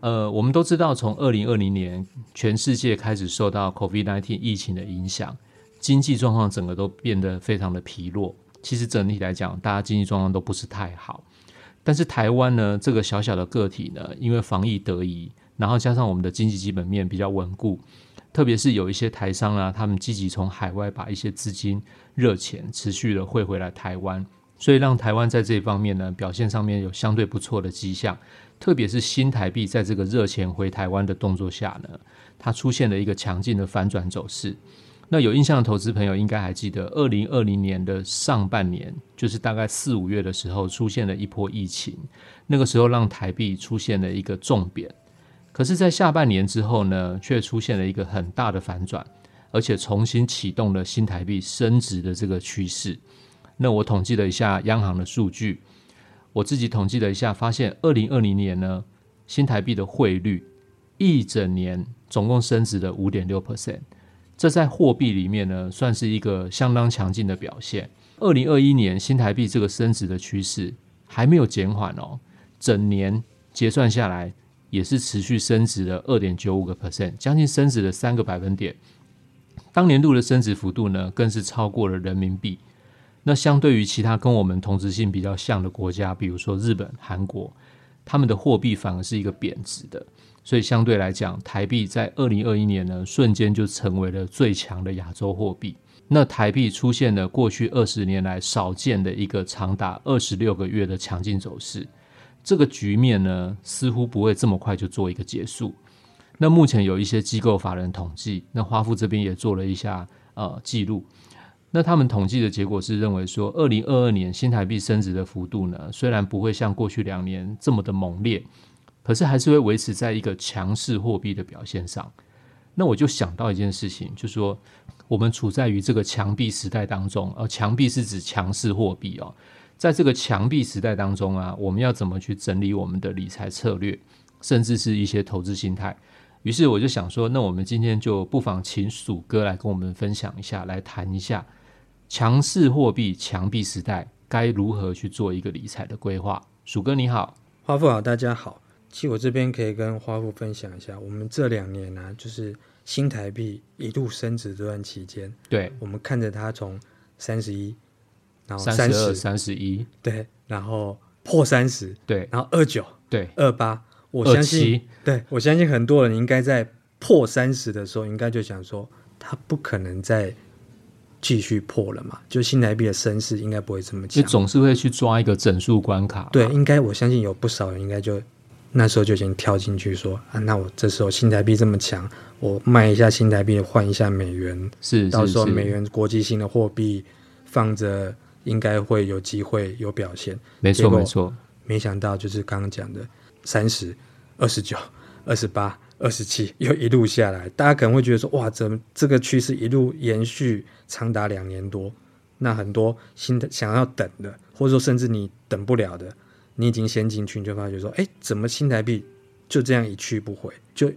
呃，我們都知道，從二零二零年，全世界開始受到 COVID-19 疫情的影響，經濟狀況整個都變得非常的疲弱。其實整體來講，大家經濟狀況都不是太好。但是台灣呢，這個小小的個體呢，因為防疫得宜，然後加上我們的經濟基本面比較穩固，特別是有一些台商啊，他們積極從海外把一些資金熱錢持續的匯回來台灣，所以讓台灣在這方面呢，表現上面有相對不錯的跡象。特別是新台幣在這個熱錢回台灣的動作下呢，它出現了一個強勁的反轉走勢。那有印象的投資朋友應該還記得，二零二零年的上半年，就是大概四五月的時候，出現了一波疫情，那個時候讓台幣出現了一個重貶。可是，在下半年之後呢，卻出現了一個很大的反轉，而且重新啟動了新台幣升值的這個趨勢。那我統計了一下央行的數據。我自己統計了一下，發現二零二零年呢，新台幣的匯率一整年總共升值了五點六 percent，這在貨幣裡面呢，算是一個相當強勁的表現。二零二一年新台幣這個升值的趨勢還沒有減緩哦，整年結算下來也是持續升值了二點九五個 percent，將近升值了三個百分點。當年度的升值幅度呢，更是超過了人民幣。那相對於其他跟我們同質性比較像的國家，比如說日本、韓國，他們的貨幣反而是一個貶值的，所以相對來講，台幣在二零二一年呢，瞬間就成為了最強的亞洲貨幣。那台幣出現了過去二十年來少見的一個長達二十六個月的強勁走勢，這個局面呢，似乎不會這麼快就做一個結束。那目前有一些機構法人統計，那花父這邊也做了一下呃記錄。那他們統計的結果是認為說，二零二二年新台幣升值的幅度呢，雖然不會像過去兩年這麼的猛烈，可是還是會維持在一個強勢貨幣的表現上。那我就想到一件事情，就是說我們處在於這個強幣時代當中，而強幣是指強勢貨幣哦。在這個強幣時代當中啊，我們要怎麼去整理我們的理財策略，甚至是一些投資心態？於是我就想說，那我們今天就不妨請薯哥來跟我們分享一下，來談一下。強勢貨幣、強幣時代，該如何去做一個理財的規劃？薯哥你好，花父好，大家好。其實我這邊可以跟花父分享一下，我們這兩年呢、啊，就是新台幣一路升值這段期間，對，我們看着它從三十一，然後三十二、三十一，對，然後破三十，對，然後二九，對，二八，我相信，對，我相信很多人應該在破三十的時候，應該就想說，它不可能再。繼續破了嘛？就新台幣的升勢應該不會這麼強，你總是會去抓一個整數關卡？對，應該我相信有不少人應該就那時候就先跳進去說啊，那我這時候新台幣這麼強，我賣一下新台幣換一下美元，是到時候美元國際性的貨幣放着，應該會有機會有表現。沒錯沒錯，結果，沒錯，沒想到就是剛剛講的三十、二十九、二十八。二十七又一路下來，大家可能會覺得說，哇，怎麼這個趨勢一路延續長達兩年多？那很多新的想要等的，或者說甚至你等不了的，你已經先進去，就發覺說，哎，怎麼新台幣就這樣一去不回，就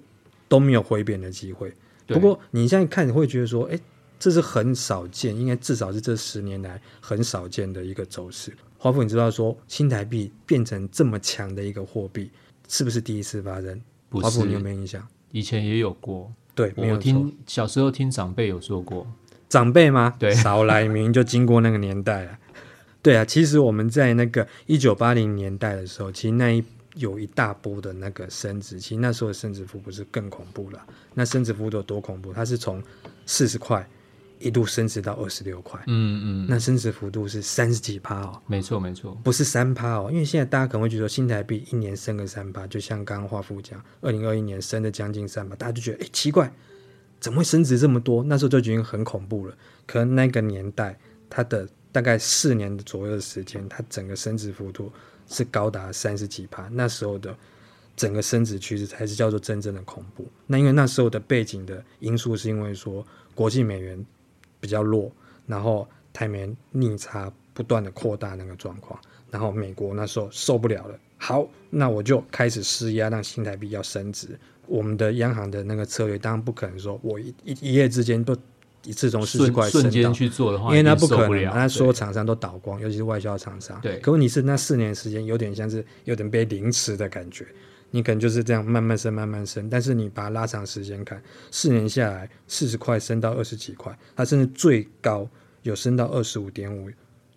都沒有回貶的機會。對不過你現在看，你會覺得說，哎，這是很少見，應該至少是這十年來很少見的一個走勢。花父，你知道說新台幣變成這麼強的一個貨幣，是不是第一次發生？花父，你有沒有印象？以前也有過，對，我聽沒有小時候聽長輩有說過，長輩嗎？對，少來明，明就經過那個年代了，對啊。其實我們在那個一九八零年代的時候，其實那一有一大波的那個升值，其實那時候的升值幅不是更恐怖了、啊。那升值幅都有多恐怖？它是從四十塊。一度升值到二十六塊，嗯嗯，那升值幅度是三十幾趴哦，哦，沒錯沒錯，不是三趴哦，因為現在大家可能會覺得新台幣一年升個三趴，就像剛剛花父講，二零二一年升了將近三趴，大家就覺得哎、欸、奇怪，怎麼會升值這麼多？那時候就已經很恐怖了。可能那個年代，它的大概四年的左右的時間，它整個升值幅度是高達三十幾趴。那時候的整個升值趨勢才是叫做真正的恐怖。那因為那時候的背景的因素，是因為說國際美元。比較弱，然後台美逆差不斷的擴大那個狀況，然後美國那時候受不了了，好，那我就開始施壓讓新台幣要升值。我們的央行的那個策略當然不可能說，我一一夜之間都一次從四十塊瞬間去做的話，因為它不可能，那對所有廠商都倒光，尤其是外銷廠商。對，可問題是那四年時間有點像是有點被凌遲的感覺。你可能就是這樣慢慢升，慢慢升，但是你把它拉長時間看，四年下來四十塊升到二十幾塊，它甚至最高有升到二十五點五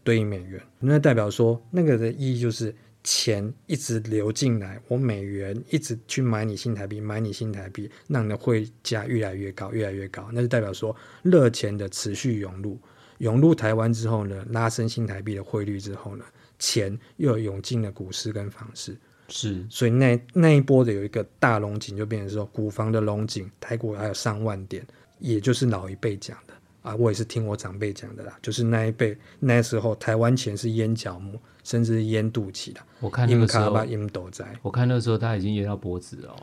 對應美元。那代表說，那個的意義就是錢一直流進來，我美元一直去買你新台幣，買你新台幣，那你的匯價越來越高，越來越高。那就代表說，熱錢的持續湧入，湧入台灣之後呢，拉升新台幣的匯率之後呢，錢又湧進了股市跟房市。是，所以那那一波的有一個大榮景就變成說股房的榮景，台股還有上萬點，也就是老一輩講的啊，我也是聽我長輩講的啦，就是那一輩那時候台灣錢是淹腳目，甚至淹肚臍的。我看那時候淹斗宅，我看那時候他已經淹到脖子哦。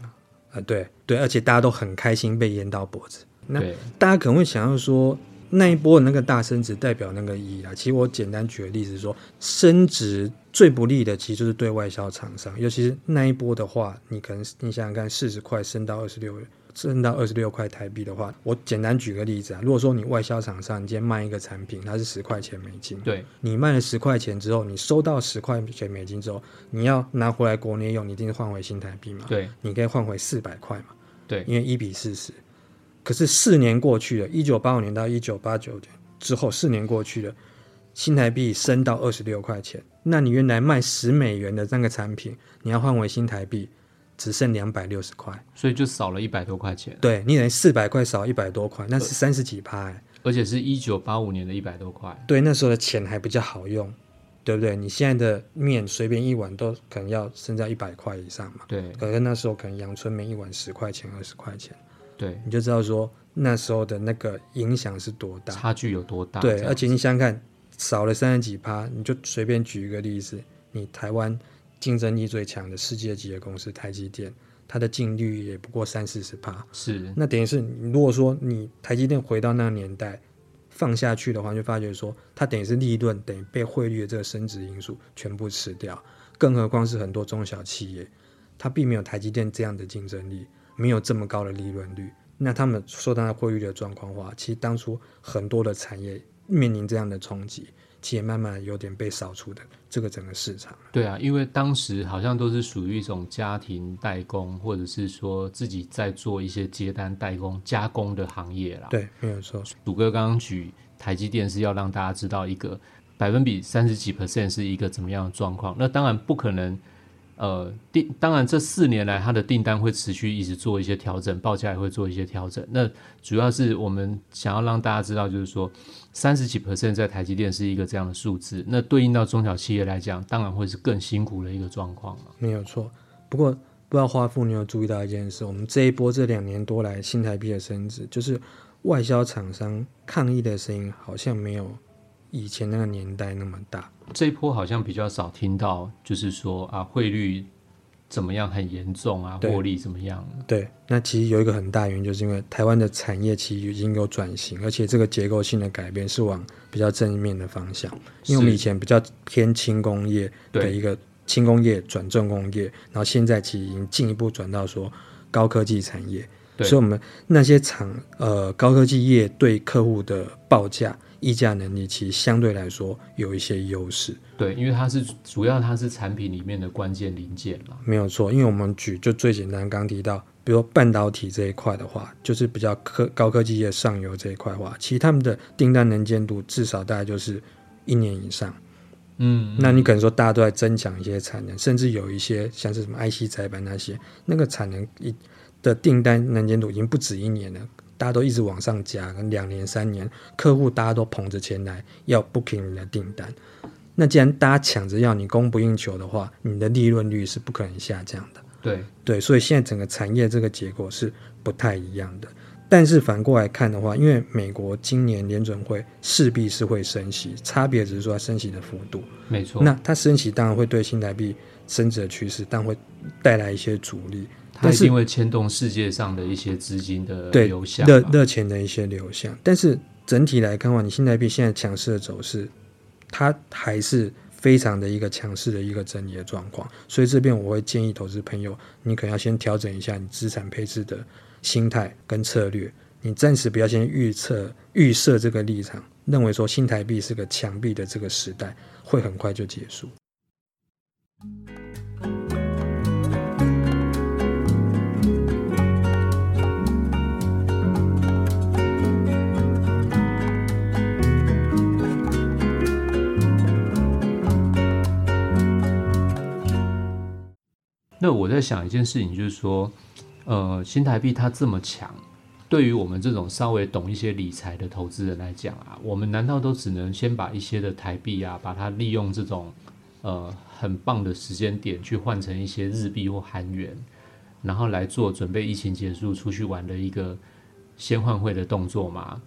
啊、呃，對對，而且大家都很開心被淹到脖子。那對大家可能會想要說。那一波的那個大升值代表那個意義啊，其實我簡單舉個例子說，升值最不利的其實就是對外銷廠商，尤其是那一波的話，你可能你想想看，四十塊升到二十六，升到二十六塊台幣的話，我簡單舉個例子啊，如果說你外銷廠商，你今天賣一個產品，它是十塊錢美金，對，你賣了十塊錢之後，你收到十塊錢美金之後，你要拿回來國內用，你一定是換回新台幣嘛，對，你可以換回四百塊嘛，對，因為一比四十。可是四年過去了，一九八五年到一九八九年之後，四年過去了，新台幣升到二十六塊錢。那你原來賣十美元的那個產品，你要換回新台幣，只剩兩百六十塊，所以就少了一百多塊錢。對，你等於四百塊少一百多塊，那是三十幾趴。欸、而且是一九八五年的一百多塊。對，那時候的錢還比較好用，對不對？你現在的麵隨便一碗都可能要升到一百塊以上嘛。對，可是那時候可能陽春麵一碗十塊錢、二十塊錢。對，你就知道說那時候的那個影響是多大，差距有多大。對，而且你想想看，少了三十幾趴，你就隨便舉一個例子，你台灣競爭力最強的世界級的公司台積電，它的淨利率也不過三四十趴。是。那等於是，如果說你台積電回到那個年代放下去的話，就發覺說它等於是利潤等於被匯率的這個升值因素全部吃掉，更何況是很多中小企業，它並沒有台積電這樣的競爭力。沒有這麼高的利潤率，那他們受到匯率的狀況的話，其實當初很多的產業面臨這樣的衝擊，其實慢慢有點被掃除的這個整個市場。對啊，因為當時好像都是屬於一種家庭代工，或者是說自己在做一些接單代工加工的行業啦。對，沒有錯。薯哥剛剛舉台積電是要讓大家知道一個百分比三十幾 percent 是一個怎麼樣的狀況，那當然不可能。呃，訂當然這四年來，它的訂單會持續一直做一些調整，報價也會做一些調整。那主要是我們想要讓大家知道，就是說三十幾 percent 在台積電是一個這樣的數字，那對應到中小企業來講，當然會是更辛苦的一個狀況了。沒有錯，不過不知道花父，你有注意到一件事？我們這一波這兩年多來新台幣的升值，就是外銷廠商抗議的聲音好像沒有。以前那個年代那麼大，這一波好像比較少聽到，就是說啊，匯率怎麼樣很嚴重啊，獲對利怎麼樣？對，那其實有一個很大的原因，就是因為台灣的產業其實已經有轉型，而且這個結構性的改變是往比較正面的方向。因為我們以前比較偏輕工業的一個輕工業轉重工業，對然後現在其實已經進一步轉到說高科技產業，對所以我們那些廠呃高科技業對客戶的報價。議價能力其實相對來說有一些優勢，對，因為它是主要，它是產品裡面的關鍵零件嘛。沒有錯，因為我們舉就最簡單，剛提到，比如說半導體這一塊的話，就是比較科高科技業上游這一塊的話，其實他們的訂單能見度至少大概就是一年以上。嗯，嗯，嗯，那你可能說大家都在增強一些產能，甚至有一些像是什麼 IC 載板那些，那個產能一的訂單能見度已經不止一年了。大家都一直往上加，跟兩年三年，客戶大家都捧着錢來要 booking 你的訂單。那既然大家搶着要你，供不應求的話，你的利潤率是不可能下降的。對對，所以現在整個產業這個結果是不太一樣的。但是反過來看的話，因為美國今年聯準會勢必是會升息，差別只是說它升息的幅度。沒錯。那它升息當然會對新台幣升值的趨勢，但會帶來一些阻力。它是因為牽動世界上的一些資金的流向，對，熱熱錢的一些流向。但是整體來看的話，你新台幣現在強勢的走勢，它還是非常的一個強勢的一個整理的狀況。所以這邊我會建議投資朋友，你可能要先調整一下你資產配置的心態跟策略。你暫時不要先預測預設這個立場，認為說新台幣是個強幣的這個時代會很快就結束。那我在想一件事情，就是說，呃，新台幣它這麼強，對於我們這種稍微懂一些理財的投資人來講啊，我們難道都只能先把一些的台幣啊，把它利用這種呃很棒的時間點去換成一些日幣或韓元，然後來做準備疫情結束出去玩的一個先換匯的動作嗎？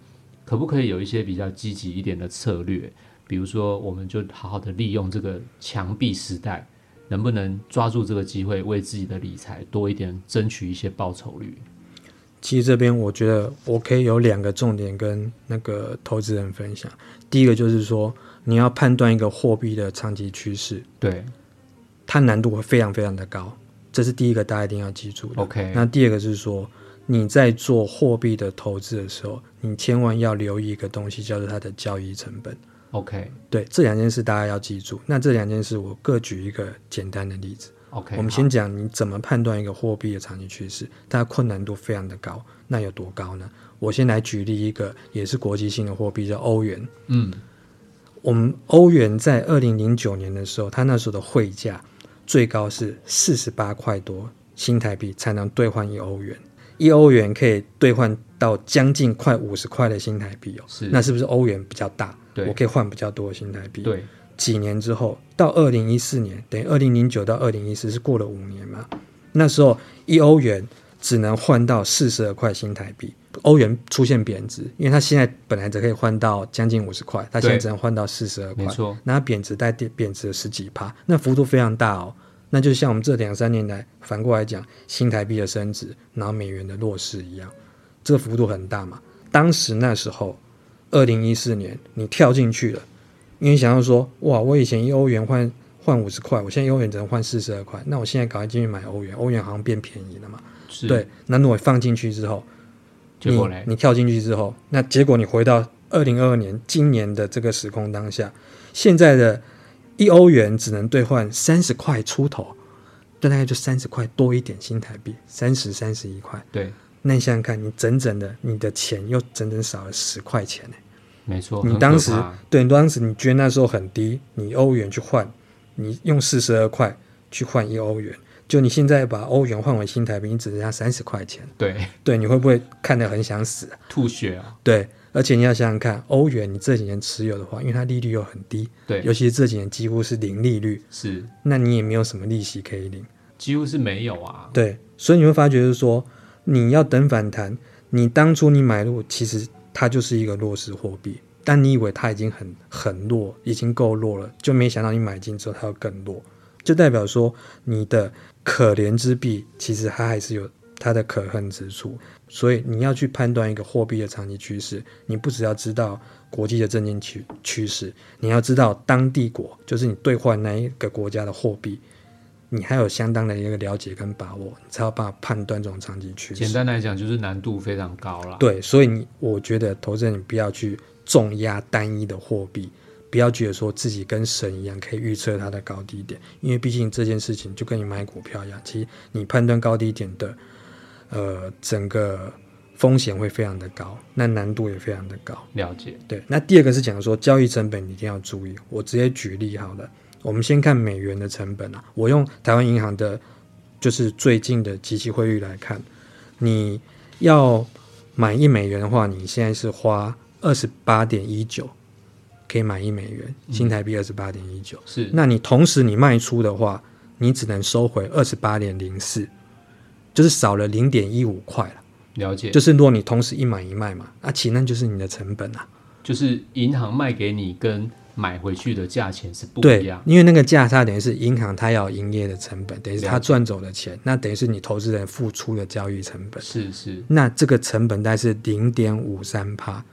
可不可以有一些比較積極一點的策略？比如說，我們就好好的利用這個強幣時代。能不能抓住這個機會，為自己的理財多一點爭取一些報酬率？其實這邊我覺得我可以有兩個重點跟那個投資人分享。第一個就是說，你要判斷一個貨幣的長期趨勢，對它難度會非常非常的高，這是第一個，大家一定要記住。OK，那第二個是說，你在做貨幣的投資的時候，你千萬要留意一個東西，叫做它的交易成本。OK，對，這兩件事，大家要記住。那這兩件事我各舉一個簡單的例子。OK，我們先講你怎麼判斷一個貨幣的長期趨勢，好它困難度非常的高。那有多高呢？我先來舉例一個也是國際性的貨幣，叫歐元。嗯，我們歐元在二零零九年的時候，它那時候的匯價最高是四十八塊多新台幣才能兌換一歐元，一歐元可以兌換到將近快五十塊的新台幣哦。是，那是不是歐元比較大？我可以換比較多的新台幣。對，幾年之後，到二零一四年，等於二零零九到二零一四是過了五年嘛？那時候一歐元只能換到四十二塊新台幣，歐元出現貶值，因為它現在本來只可以換到將近五十塊，它現在只能換到四十二塊，對那貶值帶貶值了十幾趴，那幅度非常大哦。那就像我們這兩三年來反過來講，新台幣的升值，然後美元的弱勢一樣，這個幅度很大嘛？當時那時候。二零一四年，你跳進去了，因為想要說，哇，我以前一歐元換換五十塊，我現在一歐元只能換四十二塊，那我現在趕快進去買歐元，歐元好像變便宜了嘛？是對，那如果放進去之後，結果你你跳進去之後，那結果你回到二零二二年，今年的這個時空當下，現在的一歐元只能兌換三十塊出頭，大概就三十塊多一點新台幣，三十三十一塊，對。那你想想看，你整整的你的錢又整整少了十塊錢呢。沒錯，你當時對，你當時你捐那時候很低，你歐元去換，你用四十二塊去換一歐元，就你現在把歐元換為新台幣，你只剩下三十塊錢。對對，你會不會看得很想死啊，吐血啊？對，而且你要想想看，歐元你這幾年持有的話，因為它利率又很低，對，尤其是這幾年幾乎是零利率。是，那你也沒有什麼利息可以領，幾乎是沒有啊。對，所以你會發覺就是說。你要等反彈，你當初你買入，其實它就是一個弱勢貨幣，但你以為它已經很很弱，已經夠弱了，就沒想到你買進之後它會更弱，就代表說你的可憐之幣，其實它還是有它的可恨之處。所以你要去判斷一個貨幣的長期趨勢，你不只要知道國際的政經趨趨勢，你要知道當地國，就是你兌換那一個國家的貨幣。你還有相當的一個了解跟把握，你才有辦法判斷這種長期趨勢。簡單來講，就是難度非常高了。對，所以你我覺得投資人不要去重壓單一的貨幣，不要覺得說自己跟神一樣可以預測它的高低點，因為畢竟這件事情就跟你買股票一樣，其實你判斷高低點的，呃，整個風險會非常的高，那難度也非常的高。了解，對。那第二個是講說交易成本你一定要注意，我直接舉例好了。我們先看美元的成本啊，我用台灣銀行的，就是最近的即期匯率來看，你要買一美元的話，你現在是花二十八點一九，可以買一美元新台幣二十八點一九，是。那你同時你賣出的話，你只能收回二十八點零四，就是少了零點一五塊了。了解，就是如果你同時一買一賣嘛，那、啊、其那就是你的成本啊，就是銀行賣給你跟。買回去的價錢是不一樣對，因為那個價差等於是銀行它要營業的成本，等於是它賺走的錢，了解。那等於是你投資人付出的交易成本。是是，那這個成本大概是零點五三趴，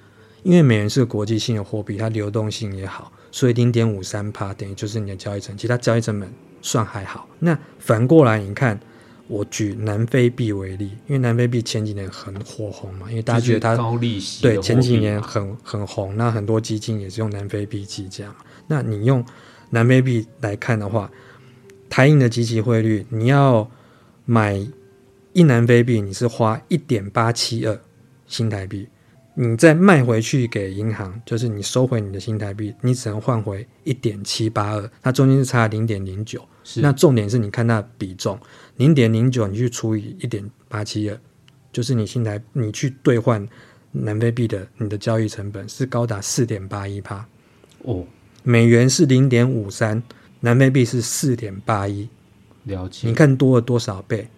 因為美元是國際性的貨幣，它流動性也好，所以零點五三趴等於就是你的交易成本，其他交易成本算還好。那反過來你看。我舉南非幣為例，因為南非幣前幾年很火紅嘛，因為大家覺得它高利息，對，前幾年很很紅，那很多基金也是用南非幣計價。那你用南非幣來看的話，台銀的即期匯率，你要買一南非幣，你是花一點八七二新台幣。你再賣回去給銀行，就是你收回你的新台幣，你只能換回一點七八二，它中間是差零點零九。是，那重點是你看它比重，零點零九你去除以一點八七二，就是你新台你去兌換南非幣的你的交易成本是高達四點八一趴。哦，美元是零點五三，南非幣是四點八一，了解？你看多了多少倍？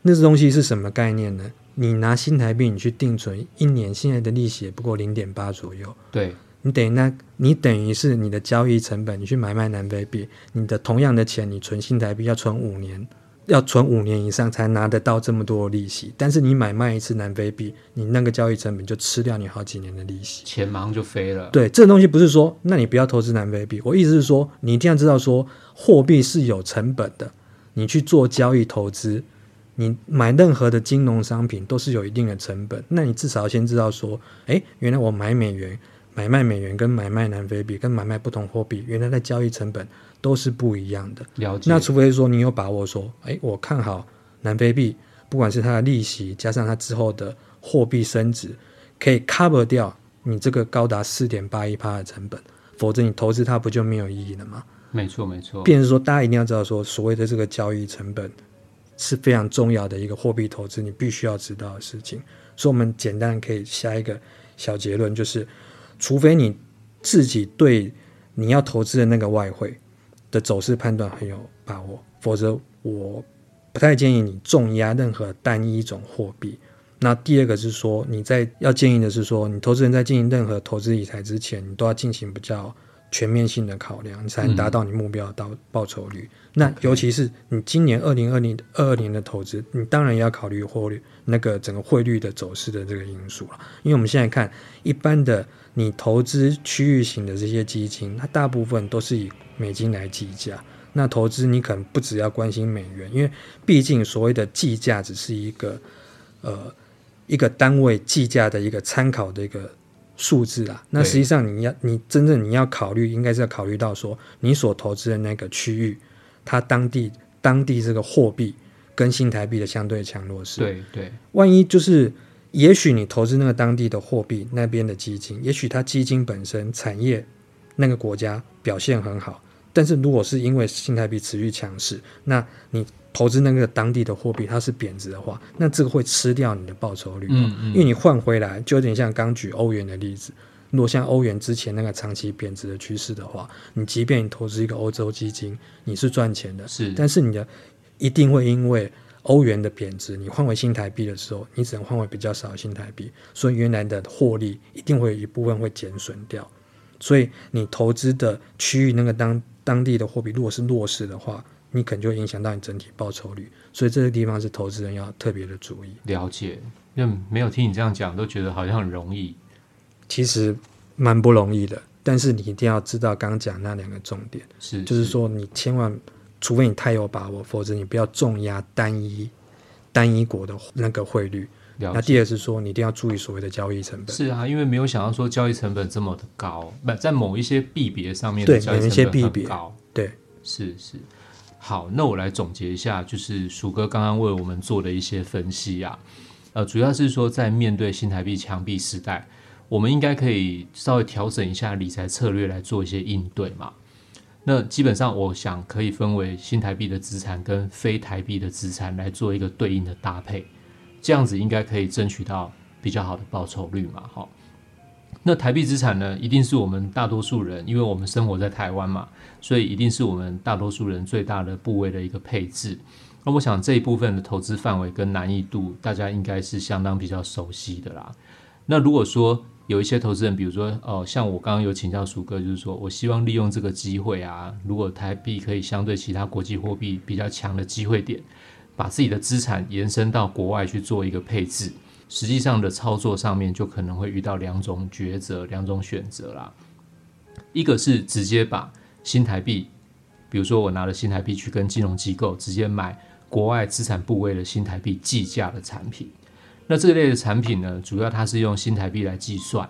那個東西是什麼概念呢？你拿新台幣你去定存一年，現在的利息也不過零點八左右。對，你等於那，你等於是你的交易成本，你去買賣南非幣，你的同樣的錢，你存新台幣要存五年，要存五年以上才拿得到這麼多的利息。但是你買賣一次南非幣，你那個交易成本就吃掉你好幾年的利息，錢馬上就飛了。對，這個東西不是說，那你不要投資南非幣。我意思是說，你一定要知道說，貨幣是有成本的，你去做交易投資。你買任何的金融商品都是有一定的成本，那你至少要先知道說，哎、欸，原來我買美元、買賣美元跟買賣南非幣、跟買賣不同貨幣，原來的交易成本都是不一樣的。了解了。那除非說你有把握說，哎、欸，我看好南非幣，不管是它的利息加上它之後的貨幣升值，可以 cover 掉你這個高達四點八一趴的成本，否則你投資它不就沒有意義了嗎？沒錯，沒錯。便是說，大家一定要知道說，所謂的這個交易成本。是非常重要的一個貨幣投資，你必須要知道的事情。所以，我們簡單可以下一個小結論，就是，除非你自己對你要投資的那個外匯的走勢判斷很有把握，否則我不太建議你重壓任何單一種貨幣。那第二個是說，你在要建議的是說，你投資人在進行任何投資理財之前，你都要進行比較。全面性的考量，才能達到你目標到報酬率。嗯、那尤其是你今年二零二零二二年的投資，Okay. 你當然也要考慮匯率那個整個匯率的走勢的這個因素了。因為我們現在看，一般的你投資區域型的這些基金，它大部分都是以美金來計價。那投資你可能不只要關心美元，因為畢竟所謂的計價只是一個呃一個單位計價的一個參考的一個。數字啊，那實際上你要你真正你要考慮，對應該是要考慮到說，你所投資的那個區域，它當地當地這個貨幣跟新台幣的相對強弱勢。對對，萬一就是，也許你投資那個當地的貨幣那邊的基金，也許它基金本身產業那個國家表現很好。但是如果是因為新台幣持續強勢，那你投資那個當地的貨幣，它是貶值的話，那這個會吃掉你的報酬率。嗯嗯，因為你換回來就有點像剛舉歐元的例子，如果像歐元之前那個長期貶值的趨勢的話，你即便你投資一個歐洲基金，你是賺錢的。是，但是你的一定會因為歐元的貶值，你換回新台幣的時候，你只能換回比較少的新台幣，所以原來的獲利一定會有一部分會減損掉。所以你投資的區域那個當。當地的貨幣如果是弱勢的話，你可能就會影響到你整體報酬率，所以這個地方是投資人要特別的注意了解。那沒有，聽你這樣講，都覺得好像很容易，其實蠻不容易的。但是你一定要知道，剛講那兩個重點是，是，就是說你千萬，除非你太有把握，否則你不要重壓單一單一國的那個匯率。那第二是說，你一定要注意所謂的交易成本。是啊，因為沒有想到說交易成本這麼的高，不在某一些幣別上面，對交易成本很高。對，對是是。好，那我來總結一下，就是薯哥剛剛為我們做的一些分析啊，呃，主要是說在面對新台幣強幣時代，我們應該可以稍微調整一下理財策略來做一些應對嘛。那基本上，我想可以分為新台幣的資產跟非台幣的資產來做一個對應的搭配。這樣子應該可以爭取到比較好的報酬率嘛？哈，那台幣資產呢，一定是我們大多數人，因為我們生活在台灣嘛，所以一定是我們大多數人最大的部位的一個配置。那我想這一部分的投資範圍跟難易度，大家應該是相當比較熟悉的啦。那如果說有一些投資人，比如說哦、呃，像我剛剛有請教薯哥，就是說我希望利用這個機會啊，如果台幣可以相對其他國際貨幣比較強的機會點。把自己的資產延伸到國外去做一個配置，實際上的操作上面就可能會遇到兩種抉擇、兩種選擇啦。一個是直接把新台幣，比如說我拿了新台幣去跟金融機構直接買國外資產部位的新台幣計價的產品，那這一類的產品呢，主要它是用新台幣來計算，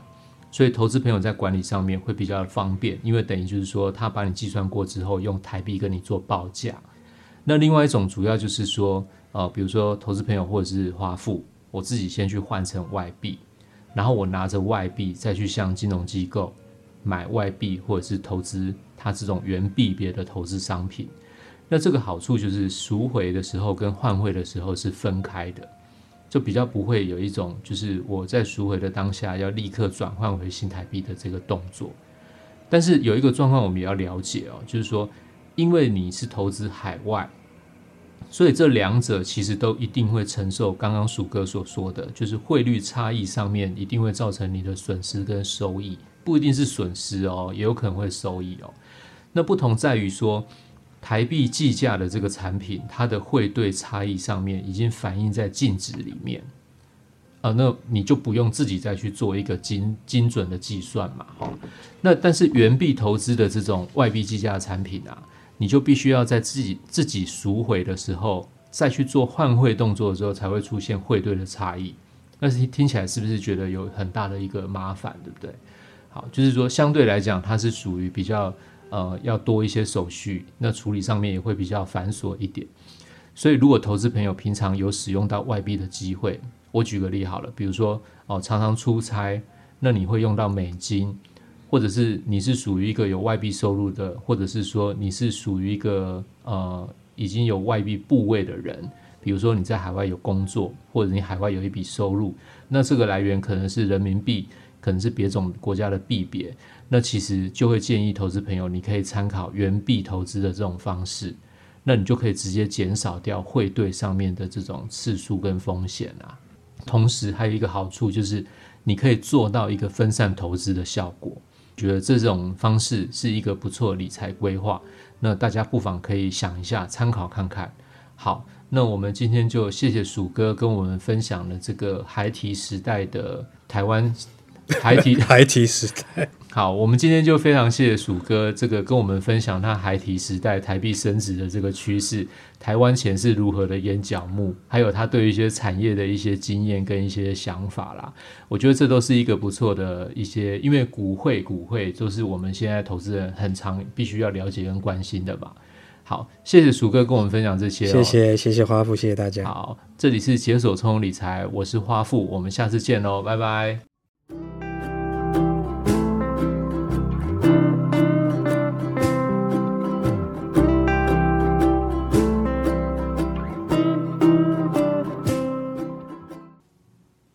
所以投資朋友在管理上面會比較方便，因為等於就是說他把你計算過之後，用台幣跟你做報價。那另外一種主要就是說，呃，比如說投資朋友或者是花父，我自己先去換成外幣，然後我拿着外幣再去向金融機構買外幣，或者是投資它這種原幣別的投資商品。那這個好處就是贖回的時候跟換匯的時候是分開的，就比較不會有一種就是我在贖回的當下要立刻轉換回新台幣的這個動作。但是有一個狀況我們也要了解哦，就是說。因為你是投資海外，所以這兩者其實都一定會承受剛剛薯哥所說的，就是匯率差異上面一定會造成你的損失跟收益，不一定是損失哦，也有可能會收益哦。那不同在於說，台幣計價的這個產品，它的匯兌差異上面已經反映在淨值裡面，啊，那你就不用自己再去做一個精精準的計算嘛，哈好。那但是原幣投資的這種外幣計價的產品啊。你就必須要在自己自己贖回的時候，再去做換匯動作的時候，才會出現匯兌的差異。那是聽起來是不是覺得有很大的一個麻煩，對不對？好，就是說相對來講，它是屬於比較呃要多一些手續，那處理上面也會比較繁瑣一點。所以，如果投資朋友平常有使用到外幣的機會，我舉個例好了，比如說哦，呃，常常出差，那你會用到美金。或者是你是屬於一個有外幣收入的，或者是說你是屬於一個呃已經有外幣部位的人，比如說你在海外有工作，或者你海外有一筆收入，那這個來源可能是人民幣，可能是別種國家的幣別，那其實就會建議投資朋友，你可以參考原幣投資的這種方式，那你就可以直接減少掉匯兌上面的這種次數跟風險啊，同時還有一個好處就是你可以做到一個分散投資的效果。覺得這種方式是一個不錯理財規劃，那大家不妨可以想一下，參考看看。好，那我們今天就謝謝薯哥跟我們分享了這個孩提時代的台灣。孩提孩提時代，好，我們今天就非常謝謝薯哥這個跟我們分享他孩提時代台幣升值的這個趨勢，台灣錢是如何的淹腳目，還有他對一些產業的一些經驗跟一些想法啦。我覺得這都是一個不錯的一些，因為股匯、股匯就是我們現在投資人很常必須要了解跟關心的吧。好，謝謝薯哥跟我們分享這些。哦，謝謝謝謝花父，謝謝大家。好，這裡是解鎖聰明理財，我是花父，我們下次見嘍，拜拜。